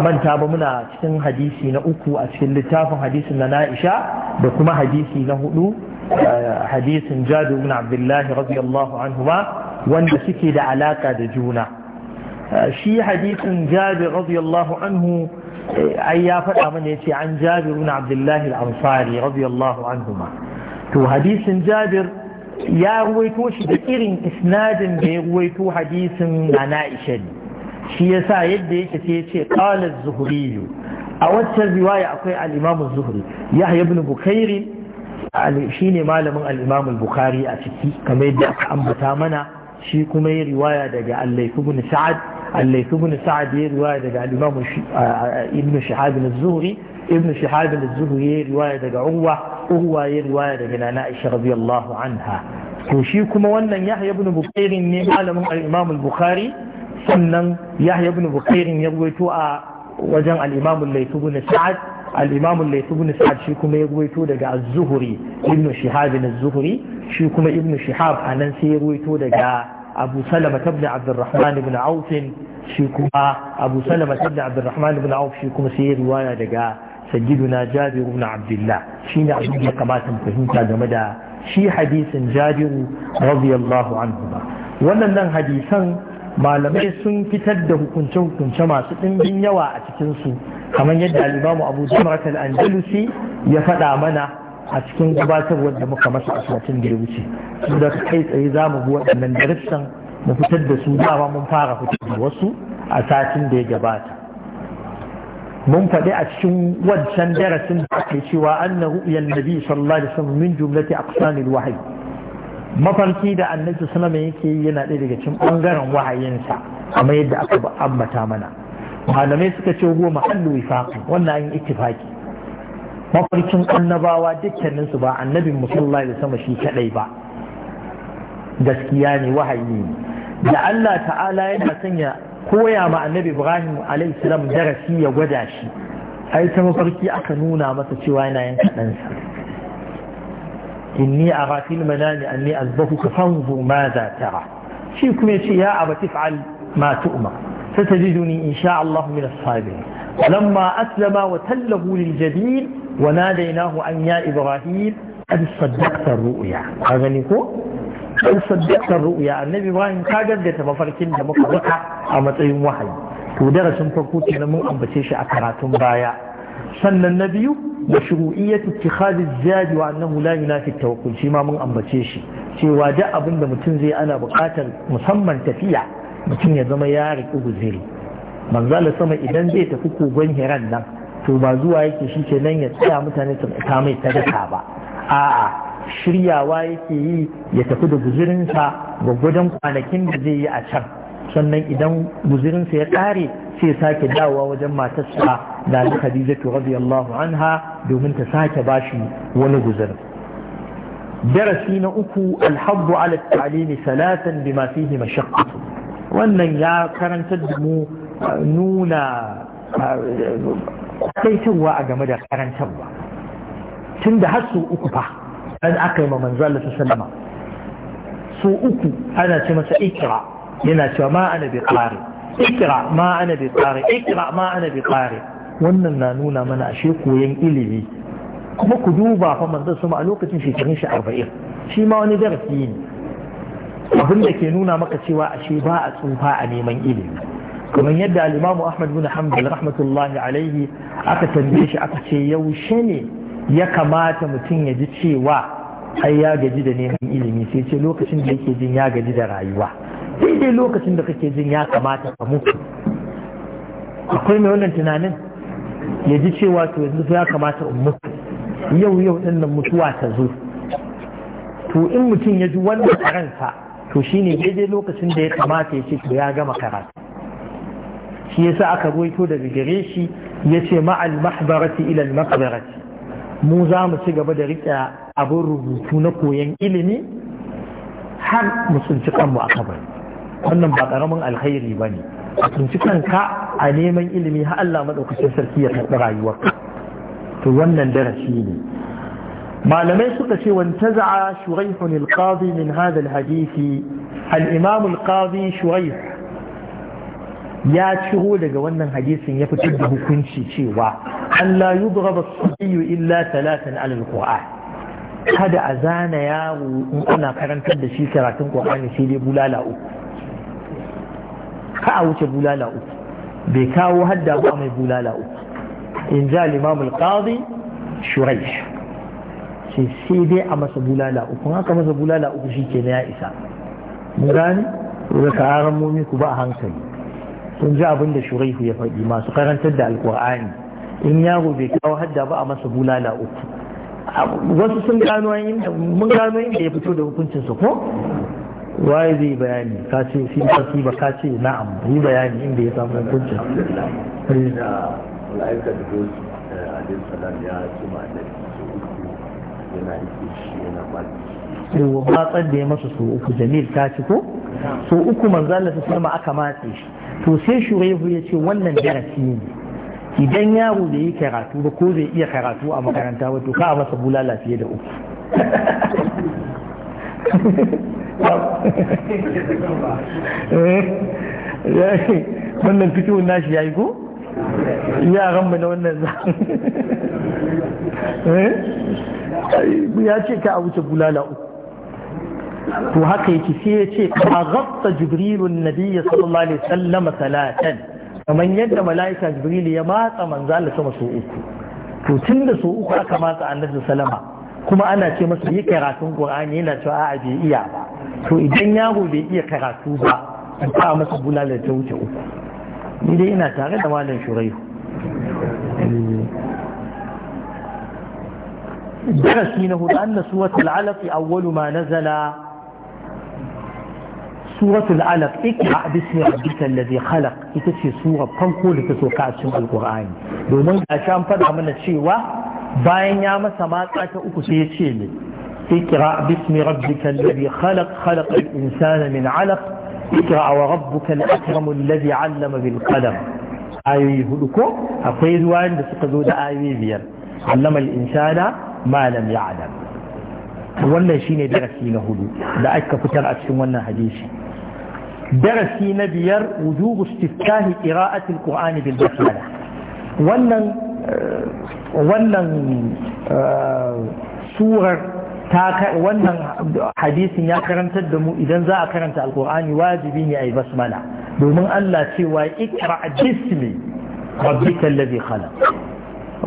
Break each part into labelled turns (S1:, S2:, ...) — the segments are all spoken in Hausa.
S1: manta ba muna cikin hadisi na uku a cikin littafin hadisin na na'isha da kuma hadisi na hudu eh, hadisin jadu ibn abdullahi radiyallahu anhu ma wanda suke da alaka da juna eh, shi hadisin jadu radiyallahu anhu eh, ai ya faɗa mana yace an jabir ibn abdullahi al-ansari radiyallahu anhu ma to hadisin jabir ya ruwaito shi da irin isnadin da ya ruwaito hadisin na na'isha ne shi ya sa yadda yake sai ce qala az a waccan riwaya akwai al-imam az-zuhri yahya ibn bukair shine malamin al-imam a ciki kamar yadda aka ambata mana shi kuma yi riwaya daga al-layth ibn sa'ad al-layth ibn sa'ad yi riwaya daga al-imam ibn shihab az-zuhri ibn shihab az-zuhri yi riwaya daga urwa urwa ya riwaya daga nana aisha radiyallahu anha to shi kuma wannan yahya ibn bukair ne malamin al-imam sannan yahya ibn bukairin ya ruwaito a wajen al'imamun laifu bin sa'ad al'imamun laifu bin sa'ad shi kuma ya ruwaito daga az-zuhri ibn shihab bin az-zuhri shi kuma ibn shihab anan sai ya ruwaito daga abu salama tabbin abdurrahman ibn auf shi kuma abu salama tabbin abdurrahman ibn auf shi kuma sai ya riwaya daga sayyiduna jabir ibn abdullah shine abin da kamata mu fahimta game da shi hadisin jabiru radiyallahu anhu ba nan hadisan malamai sun fitar da hukunce-hukunce masu ɗimbin yawa a cikinsu kamar yadda alimamu abu jamrat alangelusi andalusi ya faɗa mana a cikin gabatarwar da muka masa asibitin da ya wuce su da kai tsaye za mu bi waɗannan darussan mu fitar da su dama mun fara fitar da wasu a satin da ya gabata mun faɗi a cikin wancan darasin da ake cewa annahu yan nabi sallallahu alaihi wasallam min jumlati aqsanil wahyi mafarki da annabi sallama yake yi yana ɗaya daga cikin ɓangaren wahayinsa amma yadda aka ambata mana malamai suka ce huwa mahallu wifaqi wannan an yi ittifaki mafarkin annabawa dukkanin su ba annabin musallahi da sama shi kadai ba gaskiya ne wahayi ne da Allah ta'ala yana sanya koya ma annabi Ibrahim alaihi salam darasi ya gwada shi ai ta mafarki aka nuna masa cewa yana yin ɗansa. إني أرى في المنام أني أذبحك فانظر ماذا ترى فيكم يشي يا أبا تفعل ما تؤمر ستجدني إن شاء الله من الصابرين ولما أسلم وتله للجبين وناديناه أن يا إبراهيم قد صدقت الرؤيا هذا نقول قد صدقت الرؤيا النبي إبراهيم كاجر جت مفركين ده مفرقة أما تيم وحي ودرس فرقوتنا من أنبتيش أكراتهم بايا sannan na biyu da shuru'iyyar ittikhadh az-zad wa annahu la yunafi at-tawakkul shi ma mun ambace shi cewa da abin da mutum zai ana buƙatar musamman tafiya mutum ya zama ya riƙi guziri Allah sama idan zai tafi kogon hiran nan to ba zuwa yake shi ke nan ya tsaya mutane su ta mai sadaka ba a'a shiryawa yake yi ya tafi da guzirinsa gwagwadon kwanakin da zai yi a can sannan idan guzirinsa ya ƙare sai sake dawowa wajen matarsa da Khadija to radiyallahu anha domin ta sake bashi wani guzur darasi na uku alhabbu ala at-ta'lim salatan bima fihi mashaqqa wannan ya karantar da mu nuna kwaitawa a game da karantarwa tunda har su uku fa an aka yi ma manzala su sallama su uku ana ce masa ikira yana cewa ma ana bi ƙari ikira ma ana bi tsari ikira ma ana bi tsari wannan na nuna mana ashe koyan ilimi kuma ku duba fa manzon sama a lokacin shekarun shi arba'in shi ma wani darasi ne abin da ke nuna maka cewa ashe ba a tsufa a neman ilimi kamar yadda alimamu ahmad bin hanbal rahmatullahi alaihi aka tambaye shi aka ce yaushe ne ya kamata mutum ya ji cewa ai ya gaji da neman ilimi sai ce lokacin da yake jin ya gaji da rayuwa daidai lokacin da kake jin ya kamata ka mutu akwai mai wannan tunanin ya ji cewa to yanzu ya kamata in mutu yau yau din nan mutuwa ta zo to in mutum ya ji wannan a ransa to shine daidai lokacin da ya kamata ya ce to ya gama karatu shi yasa aka ruwaito daga gare shi ya ce ma'al mahbarati ila al-maqbarati mu za mu ci gaba da riƙe abin rubutu na koyon ilimi har mu tsinci kanmu a kabari wannan ba karamin alkhairi ba ne a tunci kanka a neman ilimi har Allah maɗaukacin sarki ya karɓi rayuwarka to wannan darasi ne malamai suka ce wanta za'a shuraihun alqadi min hadal hadisi? al-imam alqadi ya ciro daga wannan hadisin ya fitar da hukunci cewa Allah yudghaba as-sabiyyu illa talatin alal al-qur'an kada a zana yaro in ana karantar da shi karatun ƙwararri sai dai bulala uku ka a wuce bulala uku bai kawo hadda ba mai bulala uku in ja limamul qadi shuraih sai sai dai a masa bulala uku haka masa bulala uku shi ke ya isa mun gane da karan momi ku ba a hankali Sun ji abin da shuraihu ya faɗi masu karantar da alkur'ani in yaro bai kawo hadda ba a masa bulala uku wasu sun gano inda mun gano inda ya fito da hukuncinsa ko waye zai bayani ka ce shi ba shi ba ka ce na'am yi bayani inda ya samu hukunci eh, ba tsar da ya masa su uku jamil ta ci ko? su uku manzala su sama aka matse shi. To sai Shuraihu ya ce wannan darasi ne. Idan yaro da yi karatu ba ko zai iya karatu a makaranta ba to ka masa bulala fiye da uku.
S2: Eh, wannan
S1: fitowar nashi ya yi ko ya ramba na wannan za eh, ya ce ka a wuce bulala uku to haka yake sai ya ce ka gabta jibrilun Nabiya sallallahu alaihi sallama salatan kamar yadda mala'ika Jibrilu ya matsa manzala sama so uku to tun da so uku aka matsa annabi sallama kuma ana ce masa yi karatun qur'ani yana cewa a bai iya ba to idan yaro bai iya karatu ba in fa masa bulala ta wuce uku ni dai ina tare da malam shuraihu
S2: درسي
S1: له أن سورة العلق أول ما نزل سورة العلق اقرأ باسم ربك الذي خلق إتسي سورة فنقول تسوقات القرآن دومين أشام فدع من الشيوة bayan ya masa matsa ta uku sai ya ce ne 'alaq باسم wa rabbuka al-akram alladhi 'allama bil qalam ayi hudu ko akwai بالقلم da suka zo da ayi biyar allama al-insana ma lam ya'lam wannan shine darasi na hudu da aka fitar a cikin wannan hadisi darasi na biyar wujubu istiftahi qira'ati al-qur'ani bil basmala wannan wannan eh, surar wannan hadisin ya karantar da mu idan za a karanta alkur'ani wajibi ne a yi basmala domin Allah cewa ikra bismi rabbika alladhi khalaq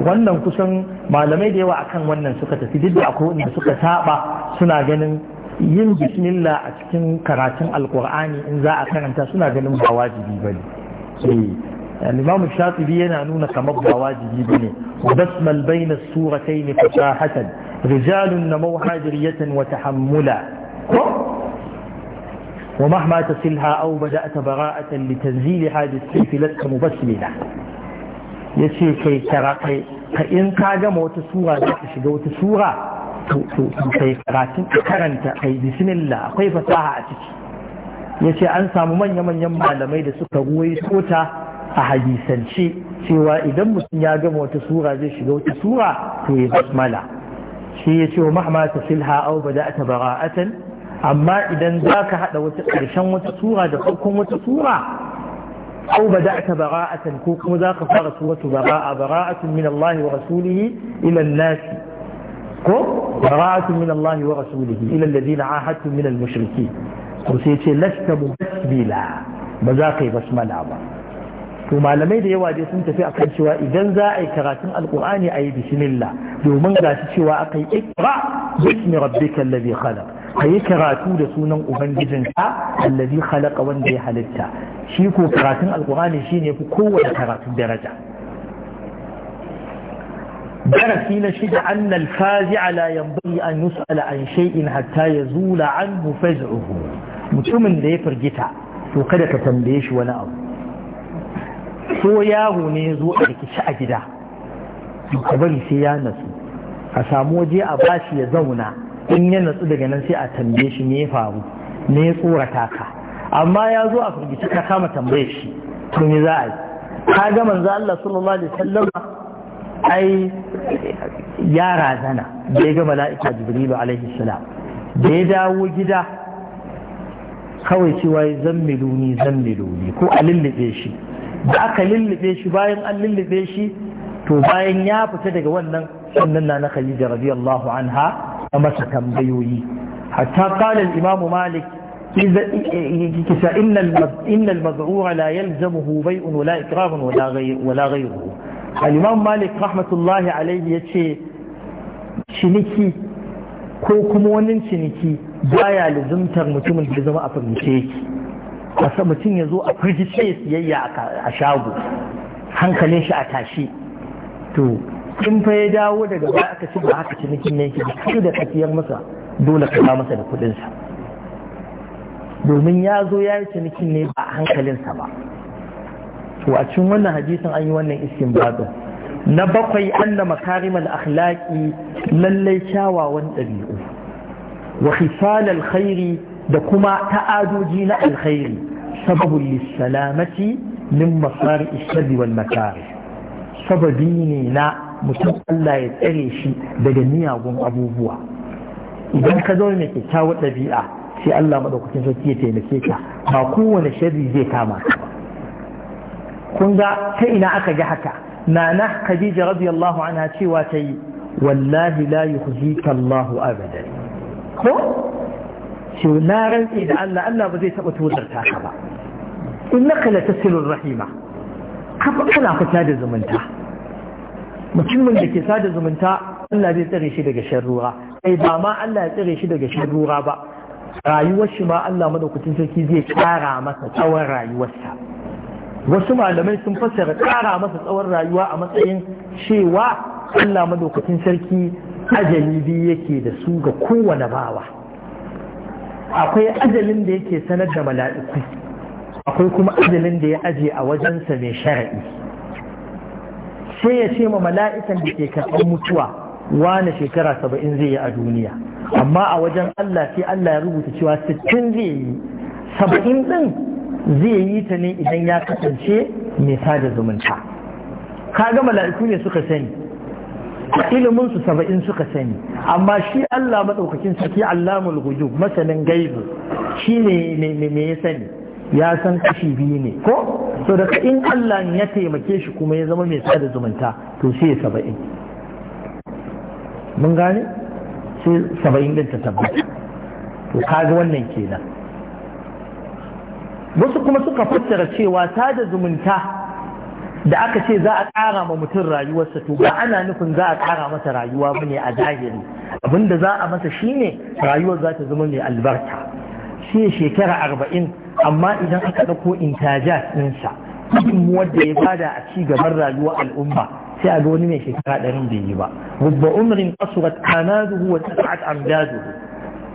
S1: wannan kusan malamai da yawa akan wannan suka tafi duk da akwai wanda suka saba suna ganin yin bismillah a cikin karatun alkur'ani in za a karanta suna ganin ba wajibi bane eh, الإمام الشاطبي ينعنون كمبضى واجبين وبسمل بين السورتين فساحة رجال نمو حاجرية وتحملا ومهما تصلها أو بدأت براءة لتنزيل هذه السيف لك مبسملة يسير كي ترقي فإن كاجم وتسورة تشد وتسورة kai karatun karanta kai bismillah akwai fasaha a ciki ya ce an samu manya-manyan malamai da suka ruwai tota a hadisance cewa idan mutum ya gama wata sura zai shiga wata sura to ya basmala shi ya ce wa mahma ta silha au bada ta bara'atan amma idan za ka haɗa wata ƙarshen wata sura da farkon wata sura au bada ta bara'atan ko kuma za ka fara suratu bara'a bara'atun min Allah wa rasulihi ila nasi ko bara'atun min Allah wa rasulihi ila alladhina ahadtum min al-mushrikeen ko sai ce lasta mubassila ba za ka yi basmala ba to malamai da yawa dai sun tafi akan cewa idan za a yi karatun alkur'ani a yi bismillah domin ga shi cewa aka yi ikra bismi rabbika allazi khalaq yi karatu da sunan ka, allazi khalaqa wanda ya halitta shi ko karatun alkur'ani shine fi kowace karatun daraja darasi na shida annal fazi'a la yanbaghi an yus'ala an shay'in hatta yazula anhu faz'uhu mutumin da ya firgita to kada ka tambaye shi wani abu ko yaro ne ya zo a rikici a gida ka bari sai ya natsu a samu waje a bashi ya zauna in ya natsu daga nan sai a tambaye shi me ya faru me ya tsorata ka amma ya zo a firgici ka kama tambaye shi to me za a yi ka ga manzo Allah sallallahu alaihi wasallam ai ya razana da ya ga mala'ika jibrilu alaihi salam da ya dawo gida kawai cewa ya zammiluni zammiluni ko a lullube shi da aka lullube shi bayan an lullube shi to bayan ya fita daga wannan sannan na khadija radiyallahu anha a masa tambayoyi hatta qala al-imam malik إن المذعور لا يلزمه بيء ولا إكراه wala غير wala غيره الإمام مالك رحمة الله عليه يتشي ciniki ko kuma wannan ciniki baya lizimtar mutumin da zama a firgice yake kasa mutum ya zo a firgice siyayya a shago hankalin shi a tashi to in fa ya dawo daga baya aka ci ba haka cinikin ne yake duk da kafiyar masa dole ka ba masa da kuɗinsa domin ya zo ya yi cinikin ne ba a hankalinsa ba to a cikin wannan hadisin an yi wannan istinbadin na bakwai anna karimar akhlaqi lallai kyawawan ɗabi'u wa khisal khairi da kuma ta'adoji na alkhairi sababin lissalamati min masari ishadi wal makari sababi ne na mutum Allah ya tsare shi daga miyagun abubuwa idan ka zo mai kyakkyawar ɗabi'a sai Allah maɗaukakin sarki ya taimake ka ba kowane sharri zai kama ka kun ga ta ina aka ga haka nana khadija radiyallahu anha cewa ta yi wallahi la yukhzika Allah abadan
S2: ko
S1: ce na rantsi da Allah Allah ba zai taɓa tozarta ka ba innaka la tasilur rahima ka ba kana fita da zumunta mutumin da ke sada zumunta Allah zai tsare shi daga sharruwa kai ba ma Allah ya tsare shi daga sharruwa ba rayuwar shi ma Allah madaukakin sarki zai kara masa tsawon rayuwarsa wasu malamai sun fassara kara masa tsawon rayuwa a matsayin cewa Allah madaukakin sarki ajali biyu yake da su ga kowane bawa akwai ajalin da yake sanar da mala'iku akwai kuma ajalin da ya aje a wajensa mai shara'i sai ya ce ma mala'ikan da ke karɓar mutuwa wane shekara saba'in zai yi a duniya amma a wajen Allah sai Allah ya rubuta cewa sittin zai yi saba'in ɗin zai yi ta ne idan ya kasance mai sada zumunta kaga mala'iku ne suka sani ilimin su saba'in suka sani amma shi Allah madaukakin saki allamul gujub masanin gaibu shi ne me ya sani ya san kashi biyu ne ko so daga in Allah ya taimake shi kuma ya zama mai sada zumunta to sai ya saba'in mun gane sai saba'in din ta tabbata to kaga wannan kenan wasu kuma suka fassara cewa sada zumunta da aka ce za a ƙara ma mutum rayuwarsa to ba ana nufin za a ƙara masa rayuwa ba ne a zahiri da za a masa shine rayuwar za ta zama mai albarka shi shekara arba'in amma idan aka ɗauko intaja ɗinsa gudunmuwar da ya bada a ci gaban rayuwar al'umma sai a ga wani mai shekara ɗarin bai yi ba rubba umrin qasrat anaduhu wa tas'at amdaduhu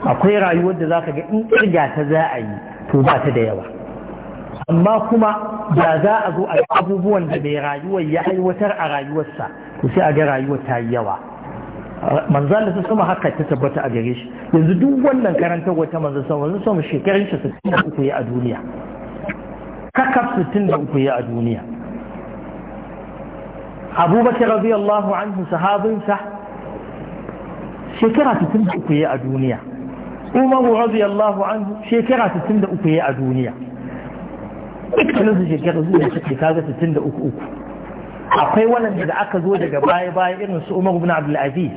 S1: akwai rayuwar da zaka ga in ƙirga ta za a yi to ba ta da yawa amma kuma da za a zo a yi abubuwan da bai rayuwar ya aiwatar a rayuwarsa to sai a ga rayuwar ta yi yawa manzan da su sama haka ta tabbata a gare shi yanzu duk wannan karanta wata manzan sama wanzu sama shekarun shi sittin da uku ya a duniya kakaf sittin da uku ya a duniya abubakar radiyallahu anhu sahabinsa shekara sittin da uku ya a duniya umaru radiyallahu anhu shekara sittin da uku ya a duniya dukkanin su shekaru zuwa suke kaga 63 uku akwai waɗanda da aka zo daga baya baya irin su Umar ibn Abdul Aziz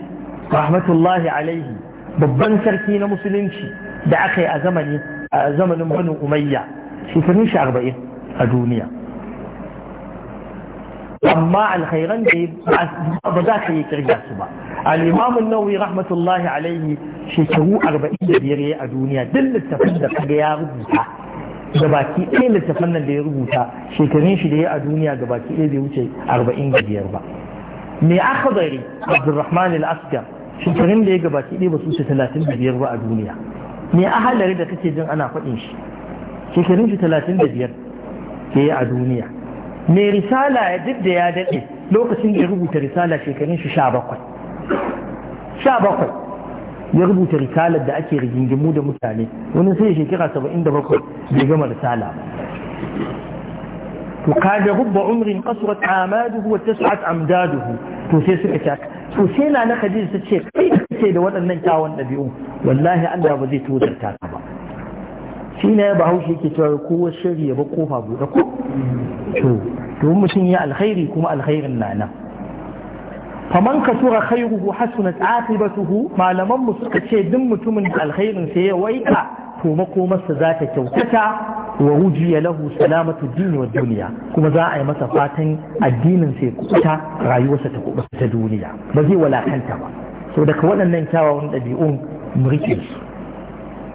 S1: rahmatullahi alaihi babban sarki na musulunci da aka yi a zamani a zamanin Banu Umayya shekarun shi 40 a duniya amma alkhairan da ba za ka yi kirga su ba al-imam an-nawawi rahmatullahi alaihi shekaru 45 a duniya duk littafin da kaga ya rubuta Gabaki ɗaya littafan nan da ya rubuta shekarun shi da ya a duniya gabaki ɗaya bai wuce arba'in da biyar ba me aka bari abdurrahman al-asgar shekarun da ya ga baki ɗaya ba su wuce talatin da biyar ba a duniya me a ahalari da kake jin ana faɗin shi shekarun shi talatin da biyar da ya a duniya me risala ya duk da ya daɗe lokacin da ya rubuta risala shekarun shi sha bakwai sha bakwai ya rubuta risalar da ake rigingimu da mutane wani sai shekara saba'in da bakwai bai gama risala to kaga rubba umrin qasrat amaduhu wa tas'at amdaduhu to sai suka ce to sai na na kaji su ce kai kace da waɗannan kyawun ɗabi'u wallahi Allah ba zai tudarta ka ba shi ne bahaushe yake cewa kowa shari'a ba kofa buɗe ko to to mutum ya alkhairi kuma alkhairin na nan faman kasura khairuhu hasunat aqibatuhu malaman mu suka ce duk mutumin da alkhairin sa ya waika to makomarsa za ta kyautata wa wujiya lahu salamatu din wa duniya kuma za a yi masa fatan addinin sai ya rayuwarsa ta kubuta ta duniya ba zai walakanta ba so daga waɗannan kyawawan ɗabi'un mu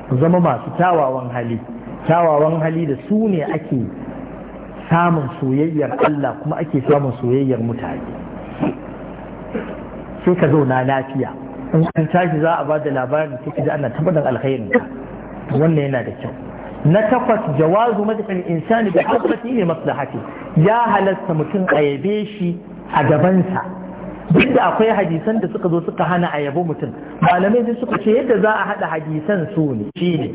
S1: su zama masu kyawawan hali kyawawan hali da su ne ake samun soyayyar Allah kuma ake samun soyayyar mutane sai ka zauna lafiya in an tashi za a ba da labarin da ka ji ana tabbatar alkhairin ka wannan yana da kyau na takwas jawazu matakan insani bi hasbati li maslahati ya halasta mutum a yabe shi a gabansa duk da akwai hadisan da suka zo suka hana a yabo mutum malamai sai suka ce yadda za a hada hadisan su ne shine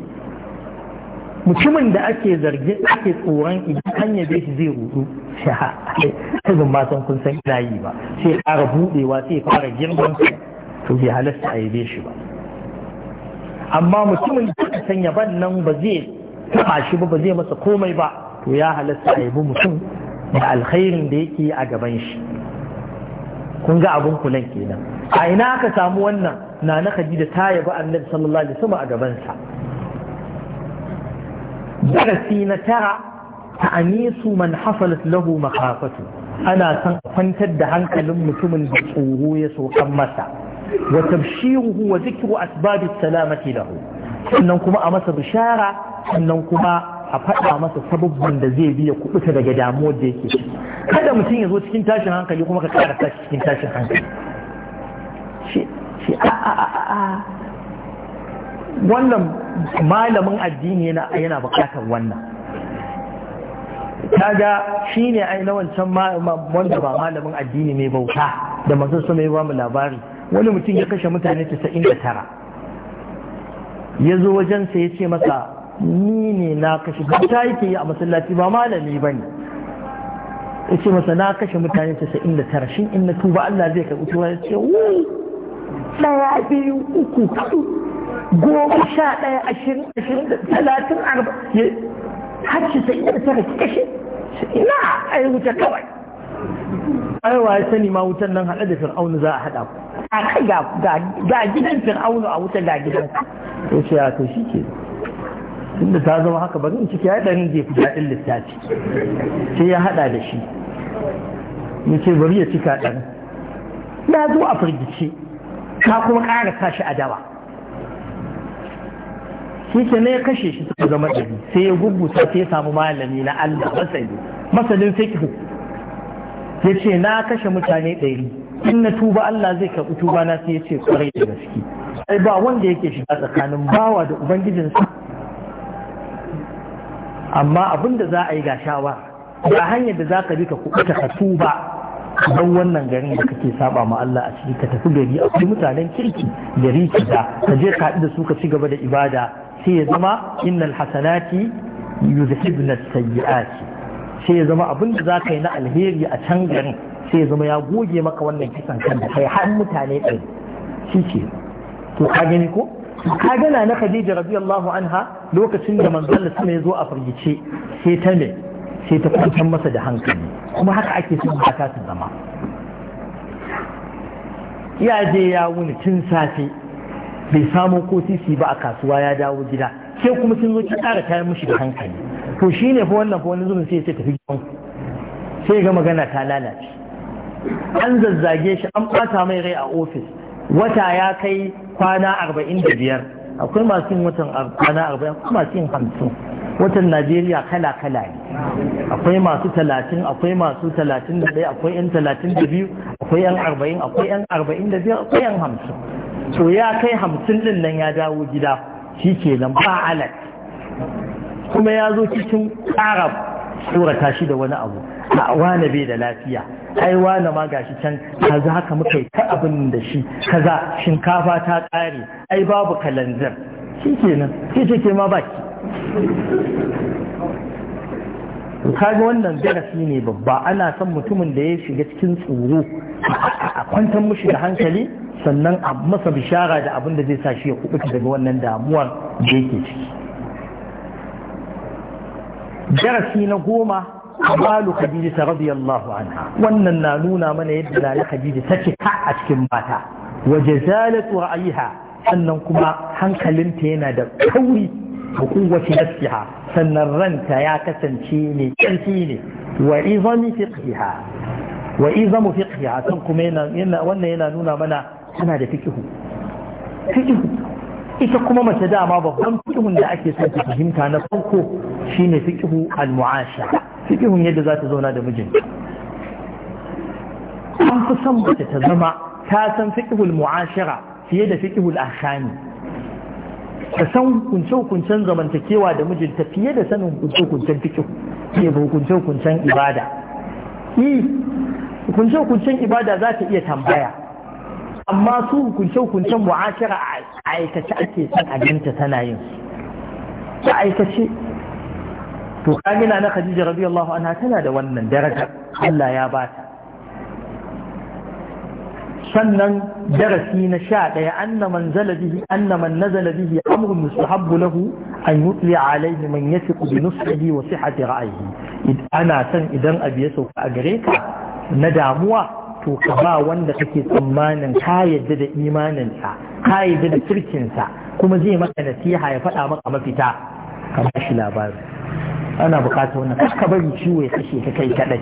S1: mutumin da ake zargi ake tsoron idan an yabe shi zai rudu sai ba san kun san ina yi ba sai fara budewa sai fara girman to bai halasta a yabe shi ba amma mutumin da aka sanya ban nan ba zai taba shi ba ba zai masa komai ba to ya halasta a yabi mutum da alkhairin da yake a gaban shi kun ga abun kulan kenan a ina aka samu wannan na na da ta yabi annabi sallallahu alaihi wasallam a gaban sa darasi na tara ta anisu man hasalat lahu makafatu ana san kwantar da hankalin mutumin da tsoro ya sokan masa wa tabshiruhu wa zikru asbabi salamati lahu sannan kuma a masa bishara sannan kuma a faɗa masa sababban da zai biya kubuta daga damuwar da yake kada mutum ya zo cikin tashin hankali kuma ka ƙara tashi cikin tashin hankali shi a
S2: a a
S1: wannan malamin addini yana bukatar wannan kaga shine ai na wancan wanda ba malamin addini mai bauta da masu su mai ba mu labari wani mutum ya kashe mutane 99 ya zo wajensa ya ce masa ni ne na kashe bauta yake yi a masallaci ba malami ba ne ce masa na kashe mutane 99 shin in na tuba Allah zai karɓi tuba yace ce wuuu biyu uku goma sha ɗaya ashirin ashirin da talatin arba ya hacci sai ina ta rake kashe a yi wuce kawai ai wa ya sani ma wutan nan haɗe da fir'aunu za a haɗa ku a kai ga gidan fir'aunu a wuta da gidan to shi ya to shi ke tunda ta zama haka bari in ciki ya ɗarin zai fi daɗin littafi sai ya haɗa da shi ya ce bari ya cika ɗarin Na zo a firgice ka kuma ƙara sa shi a shi ke ya kashe shi suka zama ɗari sai ya guggusa sai ya samu malami na Allah masani masanin fiqh ya ce na kashe mutane ɗari in na tuba Allah zai karɓi tuba na sai ya ce kwarai da gaske ai ba wanda yake shiga tsakanin bawa da ubangijin su. amma abin da za a yi ga shawa ga hanyar da za ka bi ka kuɓuta ka tuba don wannan garin da kake saba ma Allah a ciki ka tafi gari a akwai mutanen kirki gari da. ka je ka da su ka ci gaba da ibada sai ya zama innal hasanati yuzhibna sayyi'ati sai ya zama abin da za yi na alheri a can garin sai ya zama ya goge maka wannan kisan kan da kai har mutane ɗari shi ce. to ka gani ko ka gana na khadija radiyallahu anha lokacin da manzon sai ya zo a furgice sai ta ne sai ta kwantar masa da hankali kuma haka ake son mata su zama ya je ya wuni tun safe bai samu ko sisi ba a kasuwa ya dawo gida sai kuma sun zo ki kara kayan mushi da hankali to shine fa wannan fa wani zubin sai ya tafi gidan sai ga magana ta lalace an zazzage shi an ɓata mai rai a ofis wata ya kai kwana arba'in da biyar akwai masu yin watan kwana arba'in akwai masu yin hamsin watan najeriya kala kala ne akwai masu talatin akwai masu talatin da daya akwai yan talatin da biyu akwai yan arba'in akwai yan arba'in da biyar akwai yan hamsin to ya kai hamsin ɗin nan ya dawo gida shi ke nan ba alat kuma ya zo cikin ƙara tsorata shi da wani abu a wane bai da lafiya ai wane ma gashi can Ka za haka muka yi ta abin da shi Ka za! shinkafa ta ƙare ai babu kalanzir shi ke nan shi ke ma baki kaga wannan darasi ne babba ana son mutumin da ya shiga cikin tsoro a kwantar mushi da hankali sannan a masa bishara da abin da zai sa shi ya kubuta daga wannan damuwar da yake ciki darasi na goma balu khadija radiyallahu anha wannan na nuna mana yadda lala khadija ce ta a cikin mata wa jazalatu ha sannan kuma hankalinta yana da kauri wa quwwati nafsiha sannan ranta ya kasance ne ƙarfi ne wa izami fiqhiha wa izamu san kuma yana wannan yana nuna mana tana da fiqhu fiqhu ita kuma mace dama babban fiqhun da ake son ta fahimta na farko shine fiqhu al-mu'asha fiqhun yadda za ta zauna da mijinta an fi son mace ta zama ta san fiqhul mu'ashara fiye da fiqhul ahsani ka san hukunce-hukuncen zamantakewa da mijinta fiye da sanin hukunce-hukuncen fikin ke ba hukunce-hukuncen ibada i e, hukunce-hukuncen ibada za ta iya tambaya amma su hukunce-hukuncen mu'ashara a aikace ake san abinta tana yin su. ta aikace to kamina na khadija radiyallahu anha tana da wannan darajar Allah ya bata sannan darasi na sha ɗaya anna man zala bihi anna man nazala bihi amrun mustahabbu lahu an yutli alaihi man yasiqu bi nusrihi wa sihhati ra'yihi ana san idan abu ya sauka a gare ka na damuwa to ka ba wanda kake tsammanin ka yadda da imaninsa ka yadda da kirkinsa kuma zai maka nasiha ya faɗa maka mafita ka ba shi labari ana bukatar wannan ka bari ciwo ya kashe ka kai kaɗai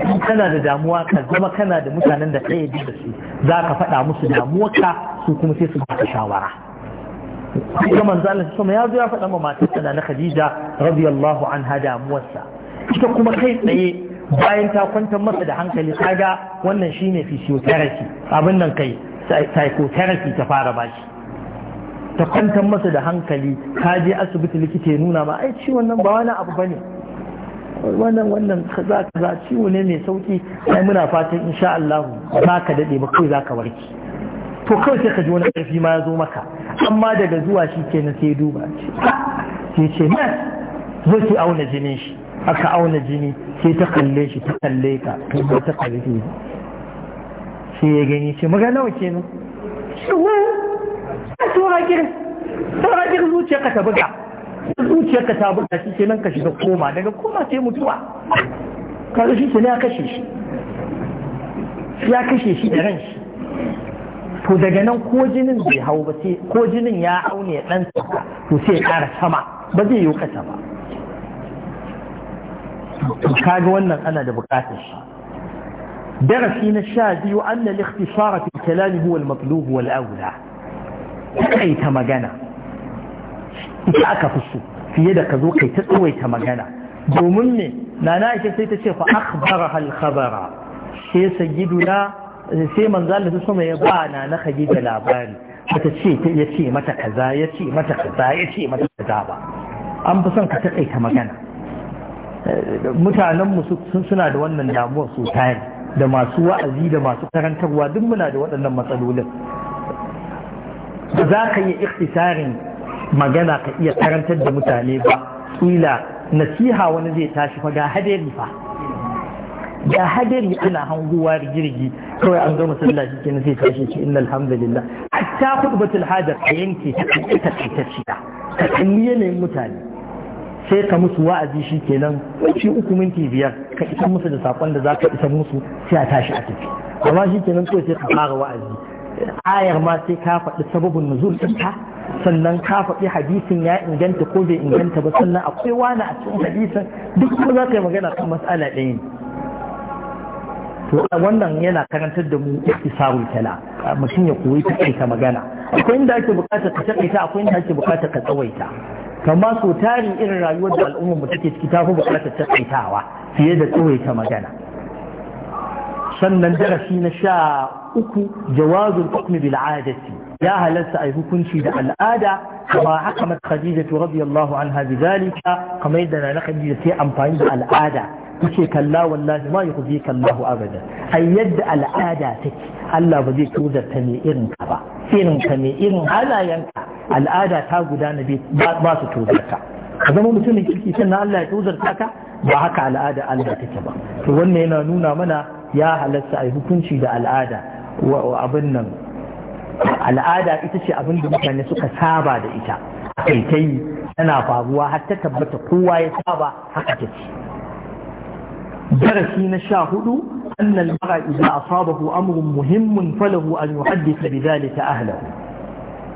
S1: in kana da damuwa ka zama kana da mutanen da kai da su za ka faɗa musu ka su kuma sai su baka shawara kuma manzo Allah sama ya zo ya faɗa ma sa na Khadija radiyallahu anha damuwarsa ita kuma kai tsaye bayan ta kwantar masa da hankali kaga wannan shine physiotherapy abin nan kai psychotherapy ta fara bashi ta kwantar masa da hankali ka je asibiti likita ya nuna ma ai ciwon nan ba wani abu bane wannan wannan ka za ciwo ne mai sauki ai muna fatan insha Allah ba ka dade ba kai ka warke to kawai sai ka ji wani karfi ma ya zo maka amma daga zuwa shi kenan sai duba sai ce mas zo ki auna jinin shi aka auna jini sai ta kalle shi ta kalle ka to ba ta kalle shi sai ya gani ce maga nawa kenan shi wa saura kirin saura kirin zuciya ka ta buga zuciyarka ta buɗa shi kenan ka shiga koma daga koma sai mutuwa ka zo shi kenan ya kashe shi ya kashe shi da ran shi to daga nan ko jinin bai hau ba sai ko jinin ya aune dan saka to sai ya ƙara sama ba zai yi kasa ba to kaga wannan ana da buƙatar shi darasi na sha biyu an na likhtisara fi kalami huwa al maqlub wal aula ta magana ita aka fi su fiye da ka zo kai ta tsawaita magana domin ne na na ake sai ta ce fa akhbara hal khabara sai sayyiduna sai manzo Allah ta sama ya ba na na khadija labari ta ce ya ce mata kaza ya ce mata kaza ya ce mata kaza ba an fi son ka ta magana mutanenmu suna da wannan damuwar su da masu wa'azi da masu karantarwa duk muna da waɗannan matsalolin ba za ka yi iktisarin magana ka iya karantar da mutane ba kila nasiha wani zai tashi fa ga hadari fa ga hadari ana hanguwa da jirgi kawai an gama sallah shi kenan zai tashi shi inna alhamdulillah hatta khutbatul hajar a yanke ta ta ta Ka kalli yanayin mutane sai ka musu wa'azi shi kenan shi uku minti biyar ka isa musu da sakon da za ka isa musu sai a tashi a tafi amma shi kenan sai ka fara wa'azi ayar ma sai ka faɗi sababin nuzul ɗinta sannan ka faɗi hadisin ya inganta ko bai inganta ba sannan akwai wani a cikin hadisin duk kuma za ka yi magana kan mas'ala ɗaya ne to wannan yana karantar da mu isarul kala mutum ya koyi ta magana akwai inda ake buƙatar ka ta, akwai inda ake buƙatar ka tsawaita kamar so tarin irin rayuwar da al'ummar mu take ciki ta fi ta takaitawa fiye da tsawaita magana sannan darasi na sha uku jawazul hukmi bil adati ya halarta ai hukunci da al'ada kama haka mat khadijatu radiyallahu anha bidhalika kamar yadda na khadija sai amfani da al'ada kace kalla wallahi ma yukhzika Allahu abada ai yadda al'ada take Allah ba zai tuzarta ne irin ka ba irin ka ne irin halayenka al'ada ta gudana ba su tuzarta ka zama mutumin kirki sannan Allah ya tuzarta ka ba haka al'ada Allah take ba to wannan yana nuna mana ya halatta a hukunci da al'ada wa abin nan al'ada ita ce abin da mutane suka saba da ita kai ta yi tana faruwa har ta tabbata kowa ya saba haka ta ce darasi na sha hudu annal mara idan asabahu amrun muhimmin falahu an yuhaddisa bidhalika ahlahu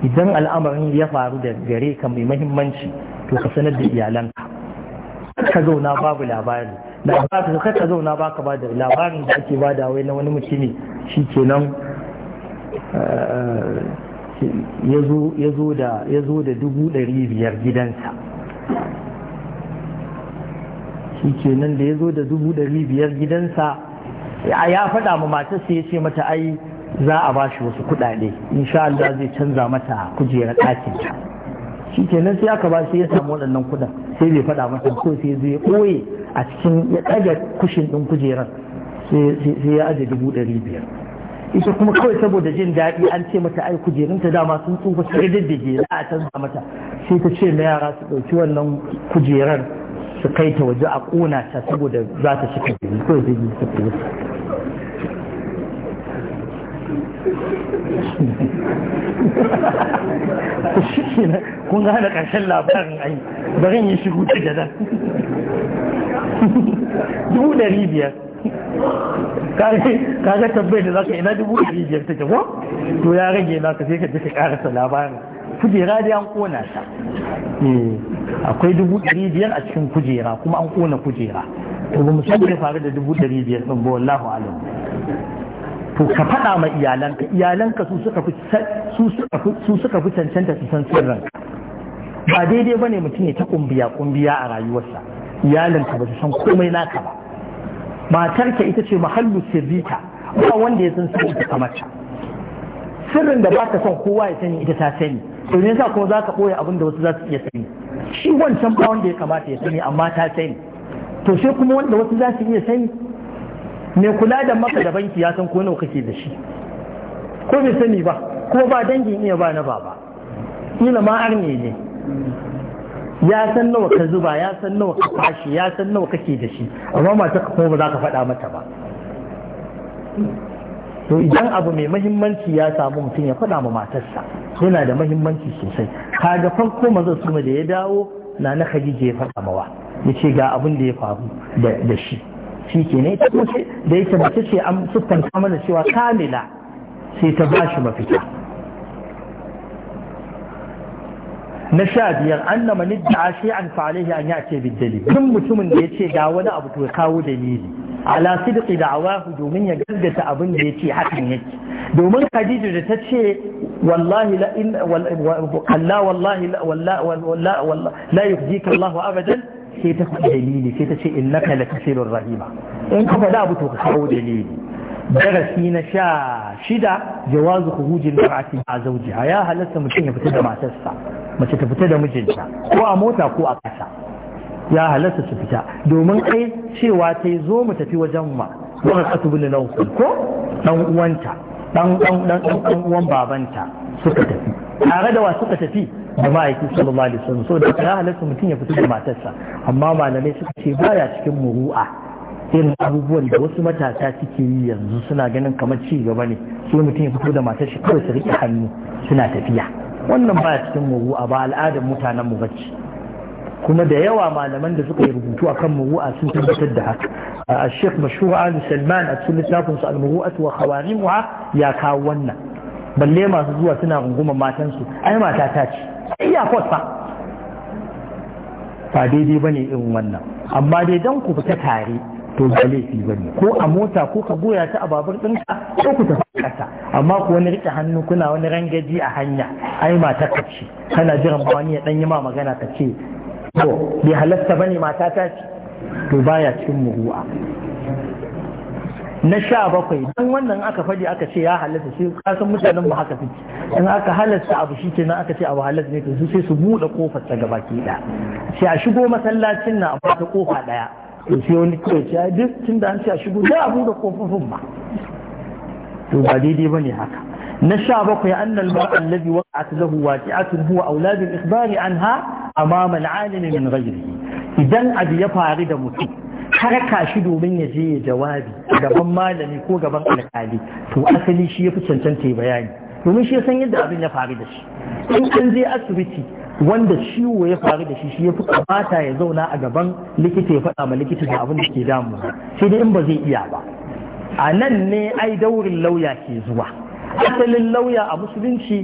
S1: idan al'amarin ya faru da gare ka mai mahimmanci to ka sanar da iyalanka ka zauna babu labari da ba ka kai ka zauna ba ka bada labarin da ake bada wai na wani mutumi shi kenan eh, ya zo da dubu ɗari biyar gidansa shi kenan da ya zo da dubu ɗari biyar gidansa ya faɗa ma matarsa ya ce mata ai za a ba shi wasu kuɗaɗe insha Allah zai canza mata kujerar ɗakinta shi kenan sai aka ba shi ya samu waɗannan kuɗin sai bai faɗa masa ko sai zai ɓoye a cikin ya ɗaga kushin ɗin kujerar sai ya ajiye dubu ɗari biyar ita kuma kawai saboda jin daɗi an ce mata ai ta dama sun tsufa sai daddage za a canza mata sai ta ce na yara su ɗauki wannan kujerar su kai ta waje a ƙona ta saboda za ta shiga jini kawai zai yi
S2: su
S1: kun gane ƙarshen labarin ai barin yi shigo ta gadan dubu ɗari biyar kaga tabbai da ka ina dubu ɗari biyar take ko to ya rage ka sai ka je ka karasa labarin kujera dai an kona ta eh, akwai dubu ɗari biyar a cikin kujera kuma an kona kujera to ba mu san ya faru da dubu ɗari biyar ɗin ba wallahu alam to ka faɗa ma iyalanka iyalanka su suka fi su cancanta su san sirrin ba daidai bane mutum ne ta kumbiya kumbiya a rayuwarsa iyalanka ba su san komai naka ba matarka ita ce mahallu sirrita ba wanda ya san sirrin ta kamar sirrin da ba ka son kowa ya sani ita ta sani to ne yasa kuma ka boye abin da wasu za su iya sani shi wancan ba wanda ya kamata ya sani amma ta sani to sai kuma wanda wasu za su iya sani mai kula da maka da banki ya san ko nawa kake da shi ko bai sani ba ko ba dangin iya ba na baba ina ma har ne ya san nawa ka zuba ya san nawa ka kwashi ya san nawa kake da shi amma mata kuma ba za ka faɗa mata ba to idan abu mai mahimmanci ya samu mutum ya faɗa ma matarsa yana da mahimmanci sosai kaga farko maza su da ya dawo na na khadija ya faɗa mawa ya ga abin da ya faru da shi shi ke ne ita kuma da yake mace ce an siffanta mana cewa
S2: kamila sai ta ba shi mafita na sha biyar
S1: an na mani da shi an fa'alaihi an yace biddali duk mutumin da ya ce ga wani abu to kawo dalili ala sidqi da'awahu domin ya gaggata abin da yace hakan yake domin Khadija da ta ce wallahi la in wallahi wallahi wallahi la yufjika Allah abadan sai ta faɗi dalili sai ta ce innaka la tasilur rahima in ka faɗa abu to ka kawo dalili darasi na sha shida jawazu khurujil mar'ati a zawjiha ya halatta mutum ya fita da matarsa mace ta fita da mijinta ko a mota ko a ƙasa ya halatta su fita domin kai cewa ta zo mu tafi wajen ma wani kasu na laukul ko dan uwanta dan uwan babanta suka tafi tare da wa suka tafi da ma'aiki sallallahu alaihi wasallam so da kana halatta mutum ya fito da matarsa amma malamai suka ce baya cikin muru'a irin abubuwan da wasu matasa suke yi yanzu suna ganin kamar ci gaba ne sai mutum ya fito da matar shi kawai su hannu suna tafiya wannan baya cikin muru'a ba al'adar mutanen mu bacci kuma da yawa malaman da suka yi rubutu akan muru'a sun tabbatar da haka a shek mashhur Ali Salman a cikin littafin su al wa khawarimuha ya kawo wannan balle masu zuwa suna rungumar matansu ai mata ta ce iya fa. ba daidai ba ne irin wannan amma dai don ku fita tare to ba laifi ba ne ko a mota ko ka goya ta a babur ɗinka ko ku tafi ƙasa amma ku wani riƙe hannu kuna wani rangaji a hanya ai mata ta ce kana jiran ba ya ɗan yi ma magana ka ce to bai halasta ba ne mata ta ce to baya cikin muru'a na sha bakwai dan wannan aka faɗi aka ce ya halatta sai kasan mutanen mu haka suke in aka halatta abu shi kenan aka ce abu halatta ne to su sai su buɗe kofar ta gaba ke sai a shigo masallacin na abu ta kofa ɗaya to sai wani kawai ce duk tun da an ce a shigo Sai a da kofofin ba to ba daidai ba ne haka na sha bakwai an nan ba allazi waqa'at lahu waqi'atun huwa auladul ikhbari ha amama al'alimi min ghayrihi idan abu ya faru da mutum karka shi domin ya je ya jawabi gaban malami ko gaban alƙali to asali shi ya fi cancanta ya bayani domin shi ya san yadda abin ya faru da shi in an je asibiti wanda ciwo ya faru da shi shi ya fi kamata ya zauna a gaban likita ya faɗa ma likita da abin da ke damu sai dai in ba zai iya ba a nan ne ai daurin lauya ke zuwa asalin lauya a musulunci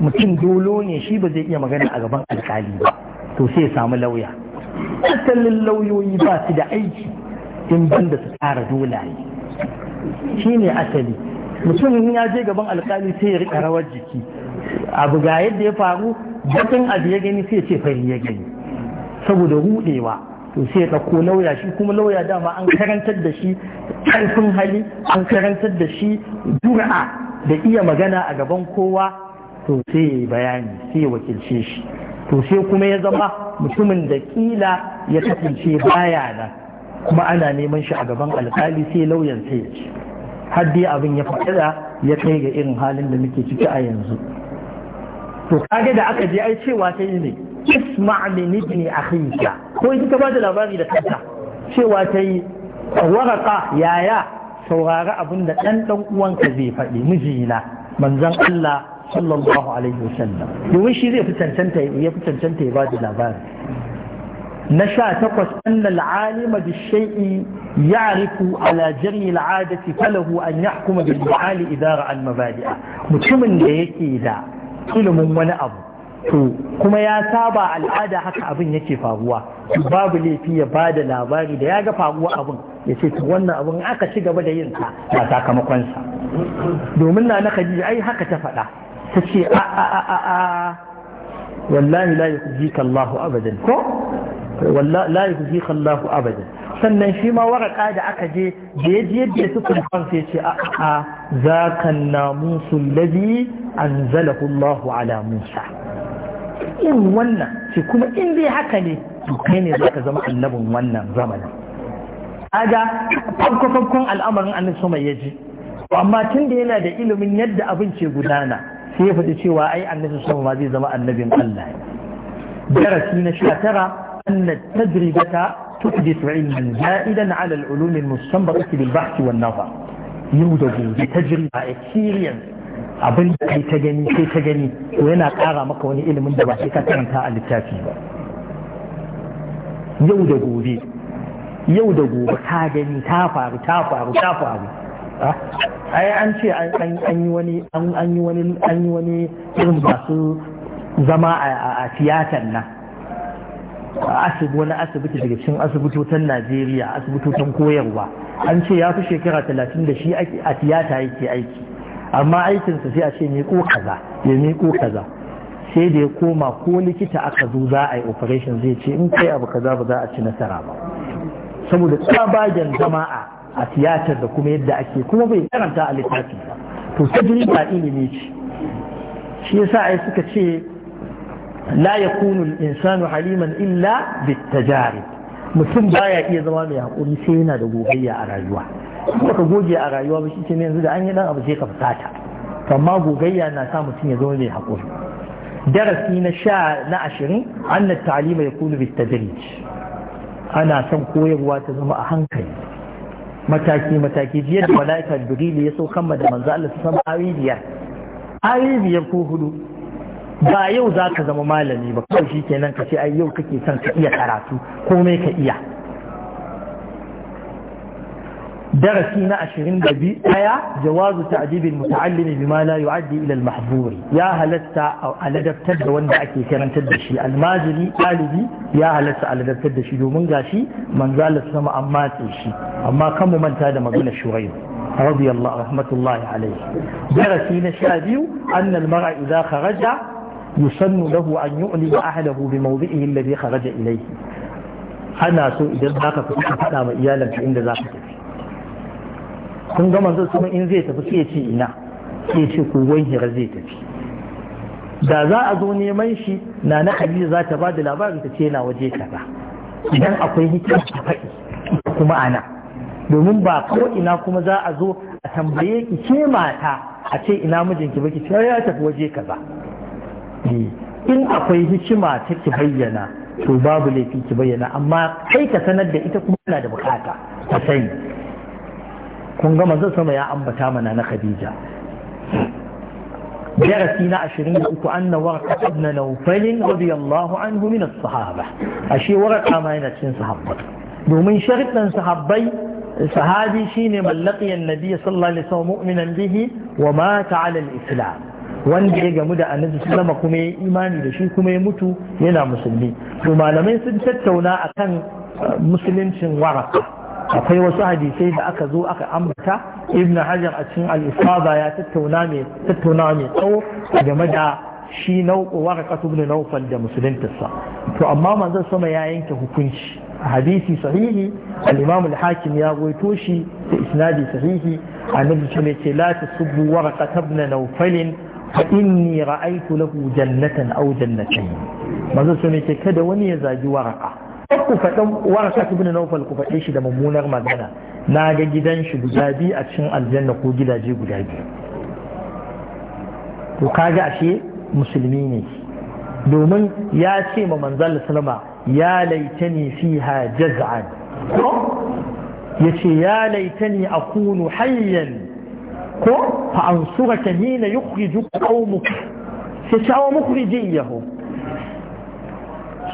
S1: mutum dolo ne shi ba zai iya magana a gaban alƙali ba to sai ya samu lauya dukkanin lauyoyi ba su da aiki in banda su tsara dolaye shi ne asali mutum ya je gaban alkali sai ya rika rawar jiki abu ga yadda ya faru bakin abu ya gani sai ce fari ya gani saboda rudewa to sai ya ɗauko lauya shi kuma lauya dama an karantar da shi ƙarfin hali an karantar da shi jura'a da iya magana a gaban kowa to sai ya yi bayani sai ya wakilce shi to sai kuma ya zama mutumin da kila ya kasance baya nan kuma ana neman shi a gaban alkali sai lauyan sai ya ce har dai abin ya da ya kai ga irin halin da muke ciki a yanzu to kage da aka je ai cewa ta yi ne isma min ibn akhika ko ita ba da labari da kanta cewa ta yi waraka yaya saurari abin da ɗan ɗan uwanka zai faɗi mijina manzon Allah sallallahu alaihi wasallam domin shi zai fi cancanta ya fi cancanta ya ba da labari na sha takwas anna al'alima bi shay'i ya'rifu ala jari al'adati falahu an yahkuma bil mu'ali idara al mabadi'a mutumin da yake da ilimin wani abu to kuma ya saba al'ada haka abin yake faruwa babu laifi ya ba da labari da ya ga faruwa abin ya ce wannan abin aka ci gaba da yin sa na sakamakonsa domin na na ai haka ta faɗa ta ce a a
S2: a a
S1: wallahi la yukhzika Allahu abadan ko wallahi la yukhzika Allahu abadan sannan shi ma waraka da aka je da ya je yadda su kurfan sai ce a a zaka namusu an anzalahu Allahu ala Musa in wannan ce kuma in dai haka ne to kai ne zaka zama annabin wannan zamanin kaga farko farkon al'amarin annabi sama ya ji amma tun da yana da ilimin yadda abin ce gudana sai ya faɗi cewa ai annabi sama ma zai zama annabin Allah darasi na sha tara annat tajribata tuhdith ilman za'idan ala al-ulum al-mustanbata bil bahth wan nazar yau da gobe tajriba experience abin da kai ta gani sai ta gani Ko yana ƙara maka wani ilimin da ba sai ka karanta a littafi ba yau da gobe yau da gobe ka gani ta faru ta faru ta faru ah, ai an ce an yi wani an yi wani an yi wani irin masu zama a tiyatar nan wani asibiti daga cikin asibitotan Najeriya asibitotan koyarwa an ce ya fi shekara talatin da shi a tiyata yake aiki amma aikinsa sai a ce miƙo kaza ya miƙo kaza sai da ya koma ko likita aka zo za a yi operation zai ce in kai abu kaza ba za a ci nasara ba saboda tsabagen jama'a a tiyatar da kuma yadda ake kuma bai karanta a littafi ba to tajriba ilimi ce shi yasa ai suka ce la yakunu insanu haliman illa bitajarib mutum baya iya zama mai hakuri sai yana da gogayya a rayuwa kuma ka goge a rayuwa ba shi ce yanzu da an yi dan abu sai ka fusata amma gogayya na sa mutum ya zama mai hakuri darasi na sha na ashirin an na ta'alima ya kulu bitajirij ana son koyarwa ta zama a hankali mataki mataki jiya da mala'ikar jibril ya saukan da manzo Allah su san ayoyi biyar ayoyi biyar ko hudu ba yau za ka zama malami ba kawai shi kenan ka ce ai yau kake son ka iya karatu komai ka iya darasi na ashirin da biyu ɗaya jawazu ta'dibin muta'allimi bima la yu'addi ila al ya halatta a ladabtar da wanda ake karantar da shi almajiri ɗalibi ya halatta a ladabtar da shi domin gashi manzala sama an matse amma kan mu manta da magana shurayu رضي الله رحمة الله عليه درسي نشابيو أن المرء إذا خرج يسن له أن يؤلم أهله بموضعه الذي خرج إليه أنا سوء إذا ذاك iyalanka ما إيالا عند ذاك kun ga manzo kuma in zai tafi sai ce ina sai ce kogon hira zai tafi da za a zo neman shi na na hadiza za ta ba da ta ce na waje kaza idan akwai hikima ta faɗi kuma ana domin ba ko ina kuma za a zo a tambaye ki ce mata a ce ina mijinki baki ce ya tafi waje kaza eh, in akwai hikima ta ki bayyana to babu laifi ki bayyana amma kai ka sanar da ita kuma na da bukata ta sani kun gama zan sama ya ambata mana na Khadija darasi na 23 anna warqa ibn nawfal radiyallahu anhu min as-sahaba ashe warqa ma yana cikin sahabbai domin sharadin sahabbai sahabi shine mallaki annabi sallallahu alaihi wasallam mu'minan bihi wa mata ala islam wanda ya gamu da annabi sallama kuma ya imani da shi kuma ya mutu yana musulmi to malamai sun tattauna kan uh, musuluncin waraka akwai wasu hadisai da aka zo aka ambata ibn hajar a cikin al-isaba ya tattauna mai tattauna mai tsawo game da shi nau'u waraka ibn nawfal da musuluntarsa to amma manzon sama ya yanke hukunci hadisi sahihi al-imam al-hakim ya goyito shi da isnadi sahihi annabi ce ce la tasubbu waraka ibn nawfal fa inni ra'aytu lahu jannatan aw jannatayn manzon sama ce kada wani ya zagi waraka ku faɗin warasa ibn nawfal ku faɗe shi da mummunar magana na ga gidan shi guda biyu a cikin aljanna ko gidaje guda biyu to kaga ashe musulmi ne domin ya ce ma manzal salama ya laitani fiha jaz'an ko ya ce ya laitani akunu hayyan ko fa ansuraka hina yukhriju qaumuk sai shawo mukhrijiyahu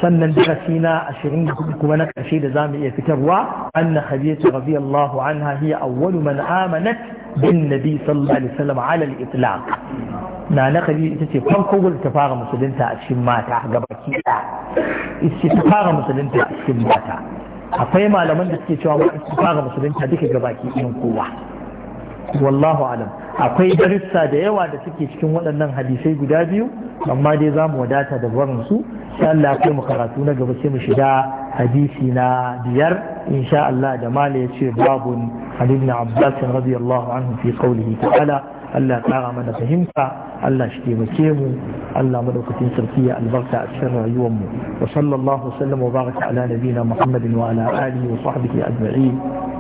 S1: sannan darasi na ashirin da hudu kuma na ƙarshe da za mu iya fitarwa anna khadija radiyallahu anha hiya awwalu man amanat bin nabi sallallahu alaihi wasallam ala al-itlaq na na khadija ita ce farko wanda ta fara musulunta a cikin mata gabaki
S2: ɗaya ita
S1: ta fara musulunta a cikin mata akwai malaman da suke cewa ma ita ta fara musulunta duka gabaki ɗayan kowa wallahu alam akwai darussa da yawa da suke cikin waɗannan hadisai guda biyu amma dai za mu wadata da barin su sha Allah kai mu karatu na gaba sai mu shiga hadisi na biyar insha Allah da mala ya ce babun Ali ibn Abbas radiyallahu anhu fi qawlihi ta'ala Allah kara mana fahimta Allah shi taimake mu Allah madaukakin sarki
S2: ya albarka a cikin rayuwar mu wa sallallahu wa baraka ala nabiyina Muhammadin wa ala alihi wa sahbihi ajma'in